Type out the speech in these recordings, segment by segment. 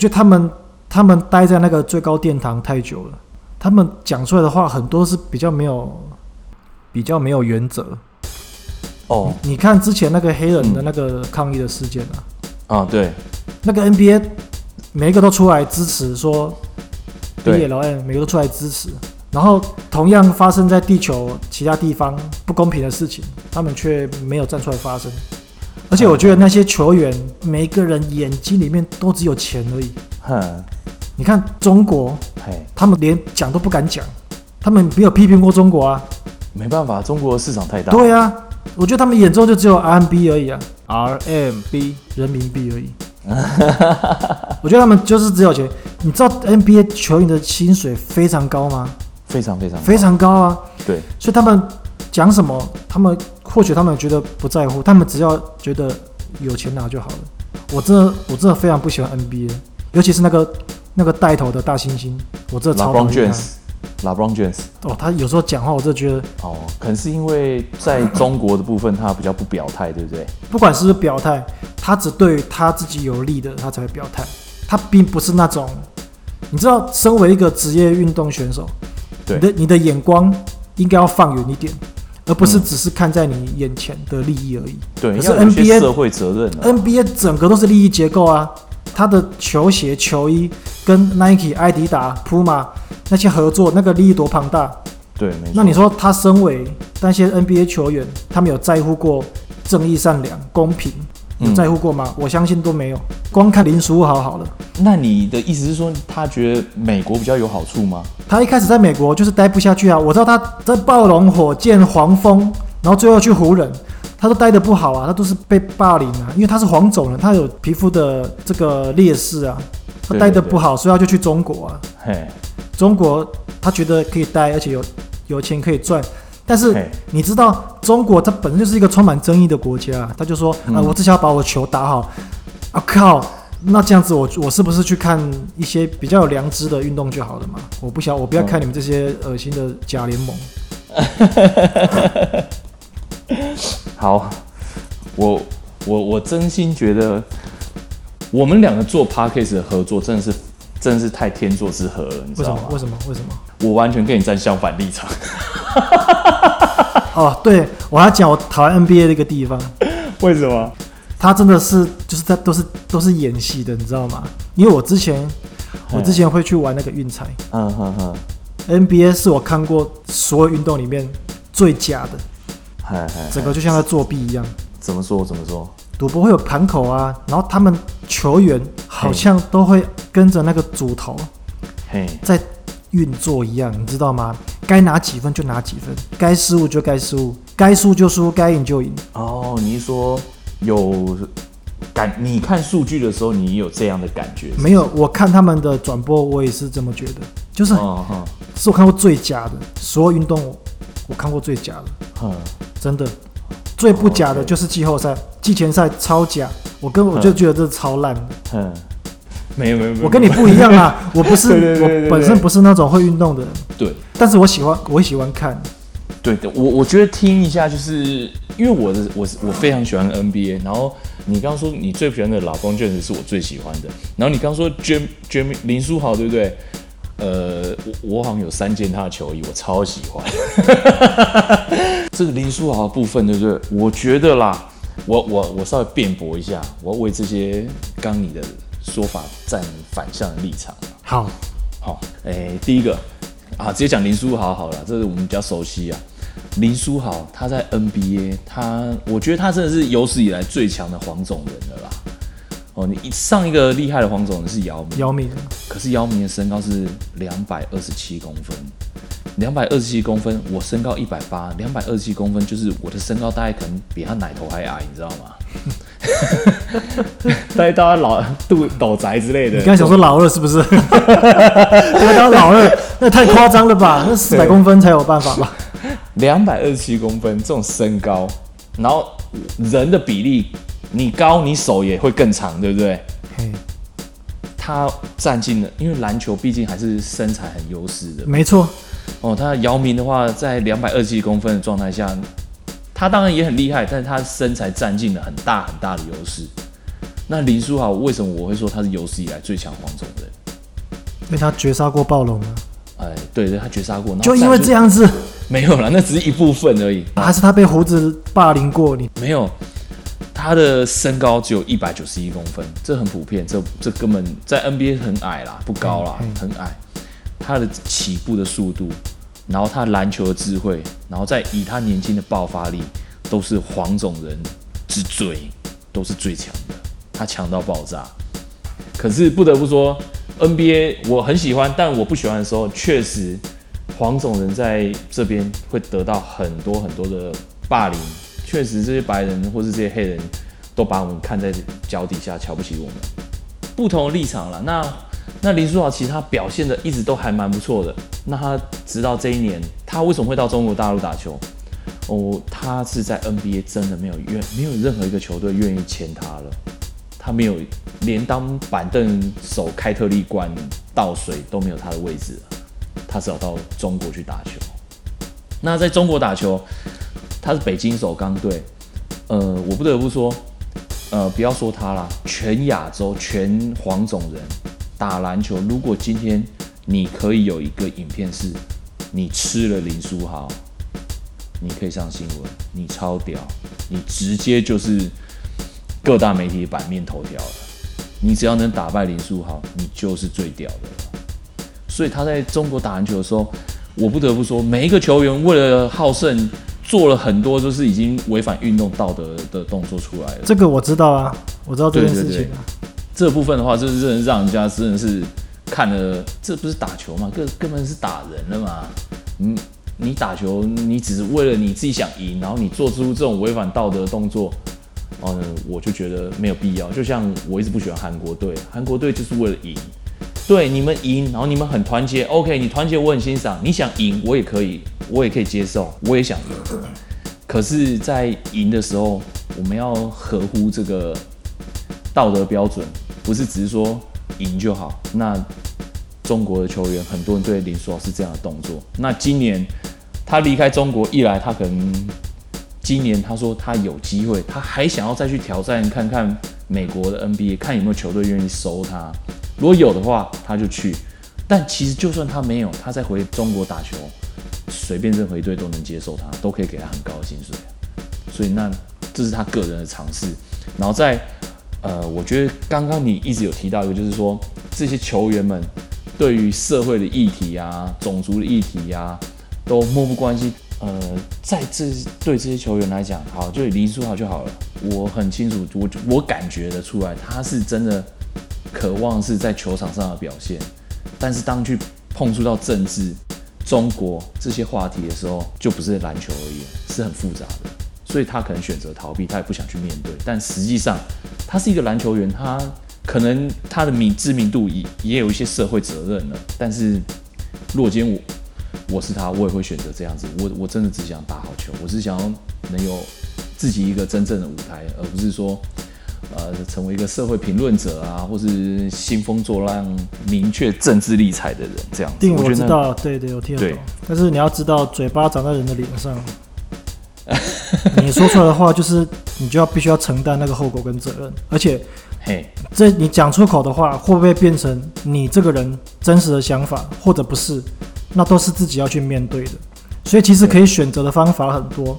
就他們他們待在那個最高殿堂太久了，他們講出來的話很多是比較沒有比較沒有原則。哦、oh.，你看之前那個黑人的那個抗議的事件啊，啊、嗯 oh, 對，那個 NBA 每，每一個都出來支持，說 BLM 每個都出來支持，然後同樣發生在地球其他地方不公平的事情，他們卻沒有站出來發聲。而且我覺得那些球員，每一個人眼睛裡面都只有錢而已。哼，你看中國，他們連講都不敢講，他們沒有批評過中國啊。沒辦法，中國市場太大。對啊，我覺得他們眼中就只有 RMB 而已啊。RMB 人民幣而已。我覺得他們就是只有錢。你知道 NBA 球員的薪水非常高嗎？非常非常非常高啊。對，所以他們。講什麼？他們或許他們覺得不在乎，他們只要覺得有錢拿就好了。我真的我真的非常不喜歡 NBA，尤其是那個那個帶頭的大猩猩。我真的超討厭。LeBron James，LeBron James。哦，他有時候講話，我這覺得哦，可能是因為在中國的部分，他比較不表態， 對不對？不管是不是表態，他只對他自己有利的，他才會表態。他並不是那種，你知道，身為一個職業運動選手，對你的你的眼光應該要放遠一點。而不是只是看在你眼前的利益而已。對，可是 NBA, 要有一些社會責任啊。NBA 整個都是利益結構啊，他的球鞋、球衣跟 Nike、艾迪達、普馬那些合作，那個利益多龐大。對，沒錯。那你說他身為那些 NBA 球員，他們有在乎過正義、善良、公平，嗯，有在乎過嗎？我相信都沒有。光看林書豪好,好了。那你的意思是說，他覺得美國比較有好處嗎？他一開始在美國就是待不下去啊！我知道他在暴龍、火箭、黃蜂，然後最後去湖人，他都待得不好啊，他都是被霸凌啊，因為他是黃種人，他有皮膚的這個劣勢啊，他待得不好，對對對，所以他就去中國啊。嘿，中國他覺得可以待，而且有有錢可以賺。但是你知道，嘿中國它本身就是一個充滿爭議的國家、啊，他就說、嗯、啊，我只想把我球打好。啊、靠！那這樣子我，我我是不是去看一些比較有良知的運動就好了嘛？我不想，我不要看你們這些噁心的假聯盟。嗯 啊、好，我我我真心覺得，我們兩個做 Podcast 的合作真的是真的是太天作之合了，你知道嗎？為什麼？為什麼？為什麼？我完全跟你站相反立場。哦、 啊，對，我還要講我討厭 NBA 的一個地方。為什麼？他真的是，就是在都是都是演戲的，你知道嗎？因為我之前我之前會去玩那個運彩，嗯嗯嗯，NBA 是我看過所有運動裡面最假的，嗨嗨，整個就像在作弊一樣。怎麼說？怎麼說？賭博會有盤口啊，然後他們球員好像都會跟着那個主頭在運作一樣，嘿你知道嗎？該拿幾分就拿幾分，該失誤就該失誤，該輸就輸，該贏就贏。哦，你一說。有感，你看數據的時候，你有這樣的感覺是不是？沒有，我看他們的轉播，我也是這麼覺得，就是，是我看過最假的，所有運動我，我看過最假的，嗯、真的，最不假的就是季後賽、哦、季前賽超假，我跟我就覺得這超爛的，嗯嗯。沒有沒有沒有，沒有我跟你不一樣啊，我不是我本身不是那種會運動的人，對，對但是我喜歡我喜歡看。對的，我我覺得聽一下，就是因為我的，我是我非常喜歡 NBA，然後你剛剛說你最不喜歡的老公，確實是我最喜歡的。然後你剛剛說 J J 林書豪，對不對？呃，我我好像有三件他的球衣，我超喜歡。 這個林書豪的部分，對不對？我覺得啦，我我我稍微辯駁一下，我要為這些剛你的說法站反向的立場。好，好、哦，哎，第一個。啊，直接講林書豪好了，這是我們比較熟悉啊。林書豪他在 NBA，他我覺得他真的是有史以來最強的黃種人了啦。哦，你上一個厲害的黃種人是姚明，姚明。可是姚明的身高是兩百二十七公分，兩百二十七公分，我身高一百八，兩百二十七公分就是我的身高大概可能比他奶頭還矮，你知道嗎？ 帶 到老杜宅之類的，你剛才想說老二是不是？當 老二那太誇張了吧？那四百公分才有辦法吧？兩百二十七公分這種身高，然後人的比例，你高你手也會更長，對不對？嘿他佔盡了，因為籃球畢竟還是身材很優勢的。沒錯錯，哦，他姚明的話，在兩百二十七公分的狀態下。他當然也很厲害，但是他身材占盡了很大很大的優勢。那林書豪為什麼我會說他是有史以來最強黃種的人？被他絕殺過暴龍嗎、啊？哎，對對，他絕殺過。就因為這樣子？沒有啦，那只是一部分而已。還是他被鬍子霸凌過？你、嗯、沒有，他的身高只有一百九十一公分，這很普遍，這這根本在 NBA 很矮啦，不高啦，嗯嗯、很矮。他的起步的速度。然後他籃球的智慧，然後再以他年輕的爆發力，都是黃種人之最，都是最強的，他強到爆炸。可是不得不說，NBA 我很喜歡，但我不喜歡的時候，確實黃種人在這邊會得到很多很多的霸凌，確實這些白人或是這些黑人都把我們看在腳底下，瞧不起我們。不同的立場啦。那。那林書豪其實他表現得一直都還蠻不錯的。那他直到這一年，他為什麼會到中國大陸打球？哦，他是在 NBA 真的沒有願沒有任何一個球隊願意簽他了。他沒有連當板凳手、開特力罐倒水都沒有他的位置了，他只要到中國去打球。那在中國打球，他是北京首鋼隊。呃，我不得不說，呃，不要說他啦，全亞洲全黃種人。打籃球，如果今天你可以有一個影片是，你吃了林書豪，你可以上新聞，你超屌，你直接就是各大媒體版面頭條了。你只要能打敗林書豪，你就是最屌的了。所以他在中國打籃球的時候，我不得不說，每一個球員為了好勝，做了很多就是已經違反運動道德的動作出來了。這個我知道啊，我知道這件事情啊。對對對對。這部分的話，就是讓讓人家真的是看了，這不是打球嘛，根根本是打人的嘛。你、嗯、你打球，你只是為了你自己想贏，然後你做出這種違反道德的動作，嗯，我就覺得沒有必要。就像我一直不喜歡韓國隊，韓國隊就是為了贏，對你們贏，然後你們很團結，OK，你團結我很欣賞，你想贏我也可以，我也可以接受，我也想贏。可是，在贏的時候，我們要合乎這個道德標準。不是只是說贏就好。那中國的球員，很多人對林書豪是這樣的動作。那今年他離開中國一來，他可能今年他說他有機會，他還想要再去挑戰看看美國的 NBA，看有沒有球隊願意收他。如果有的話，他就去。但其實就算他沒有，他再回中國打球，隨便任何一隊都能接受他，都可以給他很高的薪水。所以那這是他個人的嘗試。然後在。呃，我覺得剛剛你一直有提到一個，就是說這些球員們對於社會的議題啊、種族的議題啊，都漠不關心。呃，在這對這些球員來講，好，就林書豪就好了。我很清楚，我我感覺得出來，他是真的渴望是在球場上的表現。但是當去碰觸到政治、中國這些話題的時候，就不是籃球而已，是很複雜的。所以他可能選擇逃避，他也不想去面對。但實際上，他是一個籃球員，他可能他的名知名度，也有一些社會責任了。但是我，若堅，我我是他，我也會選擇這樣子。我我真的只想打好球，我是想要能有自己一個真正的舞台，而不是說呃成為一個社會評論者啊，或是興風作浪、明確政治立才的人這樣子。定我知道，對，對對，我聽得懂。對但是你要知道，嘴巴長在人的臉上。 你說出來的話，就是你就要必須要承擔那個後果跟責任，而且，嘿，這你講出口的話，會不會變成你這個人真實的想法，或者不是，那都是自己要去面對的。所以其實可以選擇的方法很多。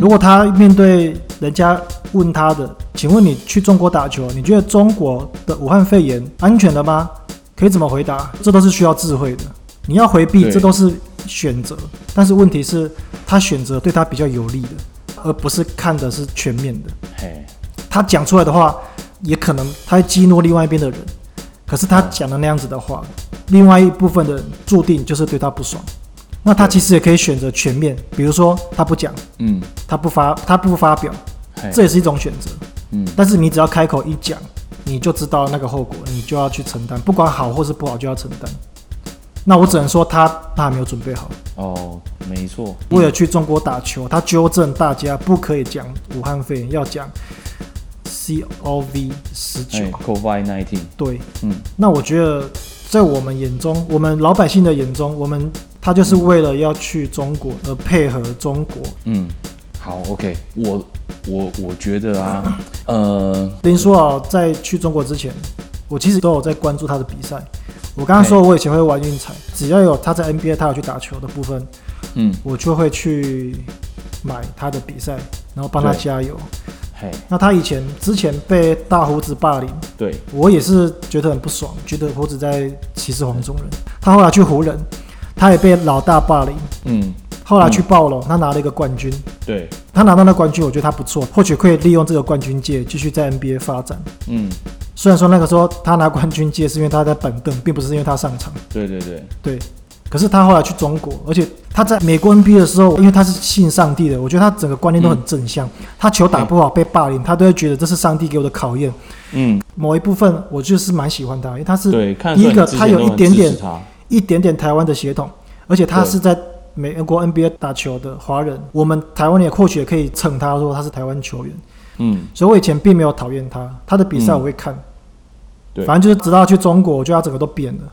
如果他面對人家問他的，請問你去中國打球，你覺得中國的武漢肺炎安全的嗎？可以怎麼回答？這都是需要智慧的。你要回避，這都是選擇。但是問題是，他選擇對他比較有利的。而不是看的是全面的，嘿，他講出來的話，也可能他會激怒另外一邊的人，可是他講的那樣子的話，另外一部分的人注定就是對他不爽，那他其實也可以選擇全面，比如說他不講，嗯，他不發，他不發表，這也是一種選擇，嗯，但是你只要開口一講，你就知道那個後果，你就要去承擔，不管好或是不好，就要承擔，那我只能說他他還沒有準備好。哦，oh, 沒錯。嗯，為了去中國打球，他糾正大家不可以講武漢肺炎，要講 C O V 十九，COVID nineteen。19, 對，嗯。那我覺得，在我們眼中，我們老百姓的眼中，我們他就是為了要去中國而配合中國。嗯，好，OK 我。我我我覺得啊， 呃，林書豪在去中國之前，我其實都有在關注他的比賽。我剛剛說，我以前會玩運彩，只要有他在 NBA，他有去打球的部分，嗯，我就會去買他的比賽，然後幫他加油。嘿，那他以前之前被大鬍子霸凌，對我也是覺得很不爽，覺得鬍子在歧視黃種人。嗯，他後來去湖人，他也被老大霸凌，嗯，後來去暴龍，他拿了一個冠軍。對，他拿到那個冠軍，我覺得他不錯，或許可以利用這個冠軍界繼續在 NBA 發展，嗯。雖然說那個時候他拿冠軍戒，是因為他在板凳，並不是因為他上場。對對對對，可是他後來去中國，而且他在美國 NBA 的時候，因為他是信上帝的，我覺得他整個觀念都很正向。嗯、他球打不好被霸凌，欸、他都會覺得這是上帝給我的考驗。嗯，某一部分我就是蠻喜歡他，因為他是第一個，他，他有一點點、一點點台灣的血統，而且他是在美國 NBA 打球的華人，對我們台灣也或許也可以稱他說他是台灣球員。嗯，所以我以前並沒有討厭他，他的比賽我會看，嗯、對，反正就是直到去中國，我覺得他整個都變了。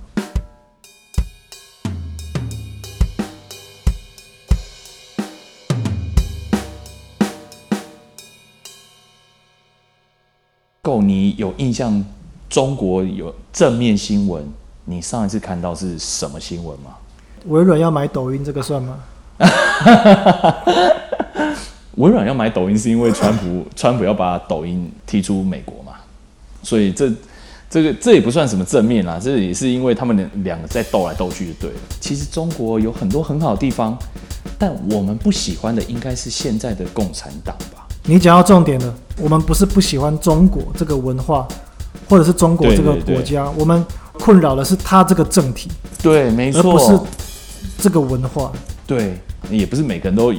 夠、嗯、你有印象？中國有正面新聞，你上一次看到是什麼新聞嗎？微軟要買抖音，這個算嗎？微軟要買抖音是因為川普，川普要把抖音踢出美國嘛。所以這，這個這也不算什麼正面啦，這也是因為他們兩兩個在鬥來鬥去就對了。其實中國有很多很好的地方，但我們不喜歡的應該是現在的共產黨吧？你講到重點了，我們不是不喜歡中國這個文化，或者是中國這個國家，對對對，我們困擾的是他這個政體，對，沒錯，而不是這個文化，對。也不是每個人都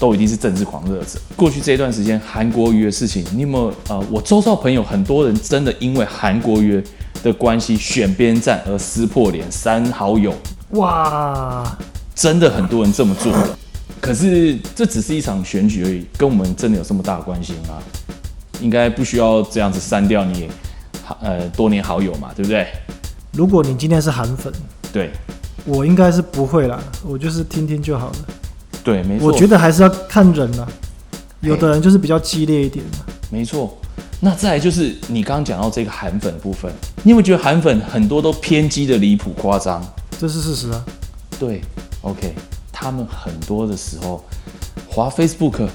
都一定是政治狂熱者。過去這一段時間，韓國瑜的事情，你有沒有？呃，我周遭朋友很多人真的因為韓國瑜的關係選邊站而撕破臉、刪好友。哇，真的很多人這麼做。可是這只是一場選舉而已，跟我們真的有這麼大的關係嗎？應該不需要這樣子刪掉你，呃，多年好友嘛，對不對？如果你今天是韓粉，對，我應該是不會啦，我就是聽聽就好了。對，沒錯，我覺得還是要看人了、啊，欸、有的人就是比較激烈一點嘛、啊。沒錯，那再來就是你剛剛講到這個韓粉部分，你有沒有覺得韓粉很多都偏激的離譜誇張？這是事實啊。對，OK，他們很多的時候，滑 Facebook，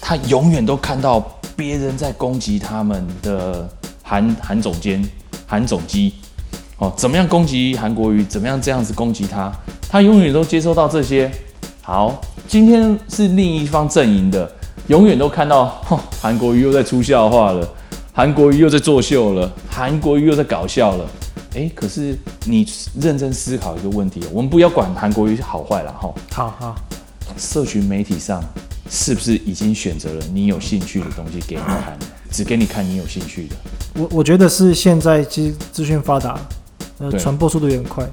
他永遠都看到別人在攻擊他們的韓韓總監、韓總機，哦，怎麼樣攻擊韓國瑜，怎麼樣這樣子攻擊他，他永遠都接收到這些。好。今天是另一方陣營的，永遠都看到，吼，韓國瑜又在出笑話了，韓國瑜又在作秀了，韓國瑜又在搞笑了，誒、欸，可是你認真思考一個問題，我們不要管韓國瑜好壞啦，吼，好好，社群媒體上是不是已經選擇了你有興趣的東西給你看，只給你看你有興趣的？我我覺得是現在其實資訊發達，呃，傳對播速度有點快，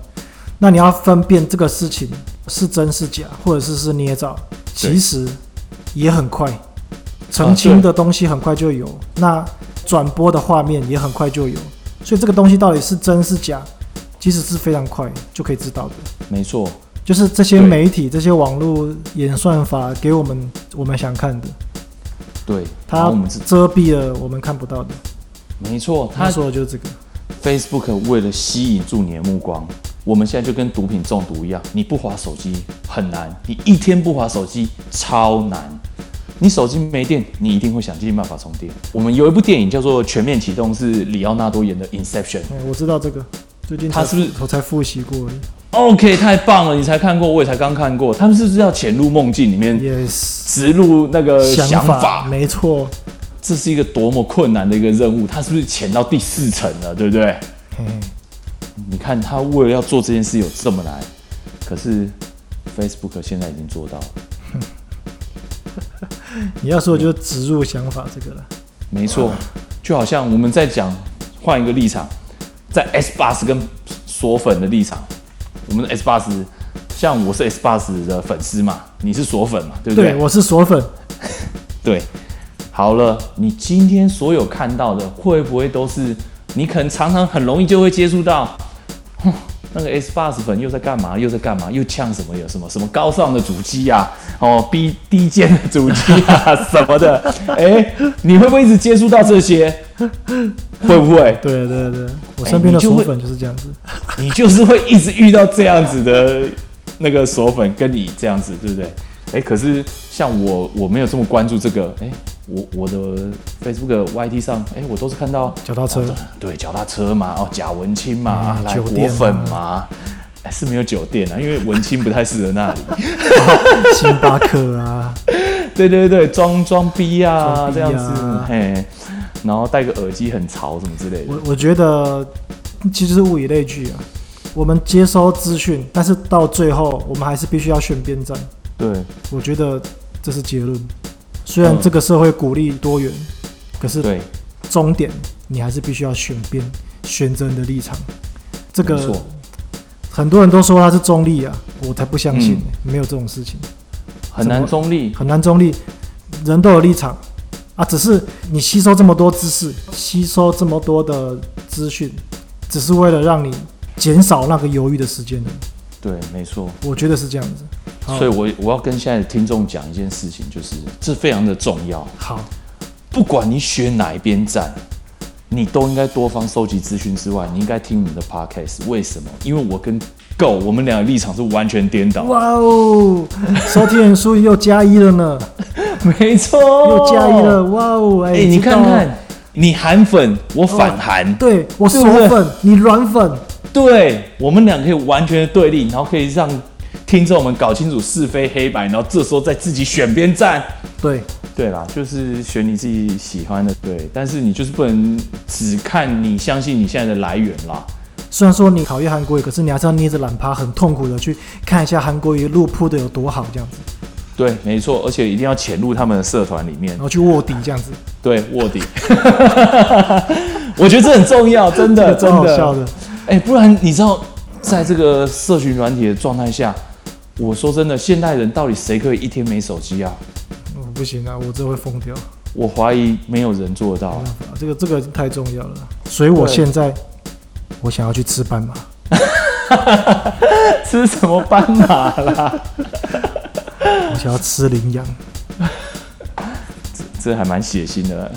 那你要分辨這個事情，是真是假，或者是是捏造，其實也很快，對澄清的東西很快就有，啊、那轉播的畫面也很快就有，所以這個東西到底是真是假，其實是非常快就可以知道的。沒錯，就是這些媒體、對這些網絡演算法給我們我們想看的，對，它遮蔽了我們看不到的。沒錯，他說的就是這個，Facebook 為了吸引住你的目光。我們現在就跟毒品中毒一樣，你不滑手機很難，你一天不滑手機超難。你手機沒電，你一定會想盡辦法充電。我們有一部電影叫做《全面啟動》，是李奧納多演的《Inception》嗯。我知道這個，最近他是不是我才復習過？OK，太棒了，你才看過，我也才剛看過。他們是不是要潛入夢境裡面，植 Yes, 入那個想法？想法沒錯，這是一個多麼困難的一個任務。他是不是潛到第四層了？對不對？嗯你看他為了要做這件事有這麼難，可是 Facebook 現在已經做到了。你要說就植入想法這個了，沒錯，就好像我們在講換一個立場，在 S 八十跟索粉的立場，我們的 S 八十，像我是 S 八十的粉絲嘛，你是索粉嘛，對不對？對，我是索粉。對，好了，你今天所有看到的會不會都是你可能常常很容易就會接觸到那個 S 八十粉，又在幹嘛？又在幹嘛？又嗆什麼有什麼什麼高尚的主機啊，哦，B, 低低賤的主機啊什麼的？哎、 欸，你會不會一直接觸到這些？會 不會？對對對對，我身邊的索粉就是這樣子，欸，你，你就是會一直遇到這樣子的那個索粉跟你這樣子，對不對？哎、欸，可是像我，我沒有這麼關注這個，哎、欸。我我的 Facebook、YT 上，哎、欸，我都是看到腳踏車，哦、對，腳踏車嘛，哦，假文青嘛，來裹、嗯、粉嘛、啊欸，是沒有酒店啊，因為文青不太適合那裡，星巴 克啊，對對對裝裝逼啊，逼啊這樣子，嘿，然後戴個耳機很潮，什麼之類的。我我覺得其實是物以類聚啊，我們接收資訊，但是到最後我們還是必須要選邊站。對，我覺得這是結論。雖然這個社會鼓勵多元，嗯、可是終點對你還是必須要選邊、選擇你的立場。這個沒錯很多人都說他是中立啊，我才不相信，嗯、沒有這種事情。很難中立，很難中立，人都有立場啊。只是你吸收這麼多知識、吸收這麼多的資訊，只是為了讓你減少那個猶豫的時間。對，沒錯。我覺得是這樣子。所以我，我我要跟現在的聽眾講一件事情，就是這非常的重要。好，不管你選哪一邊站，你都應該多方收集資訊之外，你應該聽你的 podcast。為什麼？因為我跟 Go 我們兩個立場是完全顛倒的。哇哦，收聽人數又加一了呢。 沒錯，又加一了。哇哦，哎、欸，欸、你看看，你韓粉，我反韓。對，我是國粉，以你軟粉。對，我們倆可以完全的對立，然後可以讓。聽着，我們搞清楚是非黑白，然後這時候再自己選邊站。對，對啦，就是選你自己喜歡的。對，但是你就是不能只看你相信你現在的來源啦。雖然說你討厭韓國瑜，可是你還是要捏着懶趴很痛苦的去看一下韓國瑜路鋪的有多好，這樣子。對，沒錯，而且一定要潛入他們的社團裡面，然後去臥底這樣子。對，臥底。 我覺得這很重要，真的， 的真的。的。哎，不然你知道，在這個社群軟體的狀態下。我說真的，現代人到底誰可以一天沒手機啊？嗯？不行啊，我這會瘋掉。我懷疑沒有人做得到，啊啊。這個這個太重要了，所以我現在對我想要去吃斑馬。 吃什麼斑馬啦？ 我想要吃羚羊。這還蠻血腥的，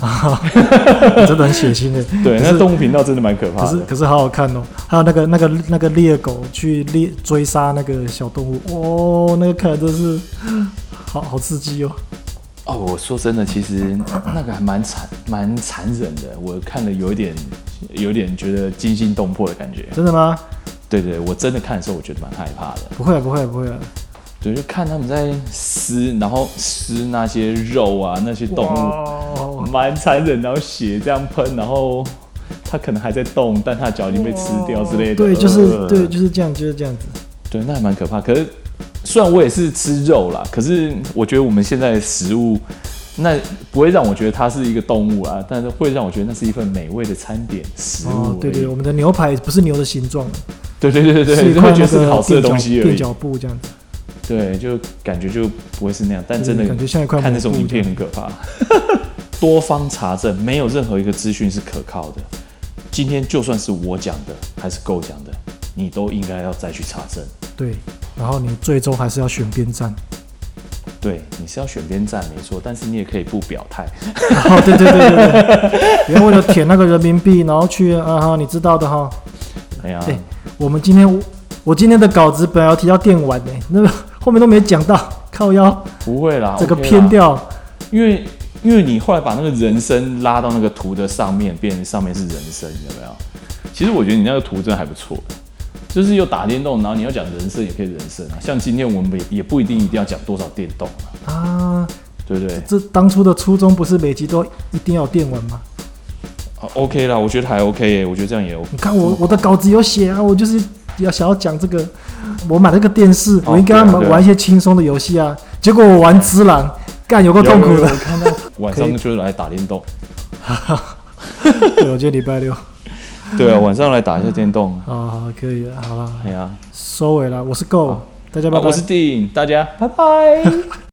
真的很血腥的。 對，是那動物頻道真的蠻可怕。可是可是好好看哦，還有那個那個那個獵狗去獵追殺那個小動物，哦，那個看來真的是好好刺激哦。哦，我說真的，其實那個還蠻殘蠻殘忍的，我看的有一點有點覺得驚心動魄的感覺。真的嗎？對,對對，我真的看的時候我覺得蠻害怕的不。不會不會不會。對，就看他們在撕，然後撕那些肉啊，那些動物，蠻殘 Wow. 忍，然後血這樣噴，然後它可能還在動，但它腳已經被吃掉之類的。對，就是對，就是這樣，就是這樣子。就是這樣子。對，那還蠻可怕。可是雖然我也是吃肉啦，可是我覺得我們現在的食物那不會讓我覺得它是一個動物啊，但是會讓我覺得那是一份美味的餐點食物。Oh, 對對，我們的牛排不是牛的形狀。對對對對對，只會覺得是，是好吃的東西而已。對，腳步這樣子。對，就感覺就不會是那樣，但真的看那種影片很可怕。 多方查證，沒有任何一個資訊是可靠的。今天就算是我講的，還是夠講的，你都應該要再去查證。對，然後你最終還是要選邊站。對，你是要選邊站沒錯，但是你也可以不表態。哦，對對對對對，別 為了舔那個人民幣，然後去啊哈，你知道的哈。哎呀，對、欸，我們今天我今天的稿子本來要提到電玩呢、欸，那個。後面都沒講到，靠腰？不會啦，這個偏掉。OK、因為因為你後來把那個人聲拉到那個圖的上面，變成上面是人聲，有沒有？其實我覺得你那個圖真的還不錯，就是有打電動，然後你要講人聲也可以人聲啊。像今天我們也也不一定一定要講多少電動啊，啊對不對？這當初的初衷不是每集都一定要電文嗎？啊，OK 啦，我覺得還 OK 誒，我覺得這樣也 OK。你看我我的稿子有寫啊，我就是要想要講這個。我買了個電視，我應該玩一些輕鬆的遊戲啊，對對對結果我玩只狼，幹，有夠痛苦的。晚上就是來打電動。 對我今天禮拜六。對啊，晚上來打一下電動。啊、嗯哦，可以，好啦哎呀，啊、收尾了，我是 Go，好大家拜拜。啊、我是 Din 大家拜拜。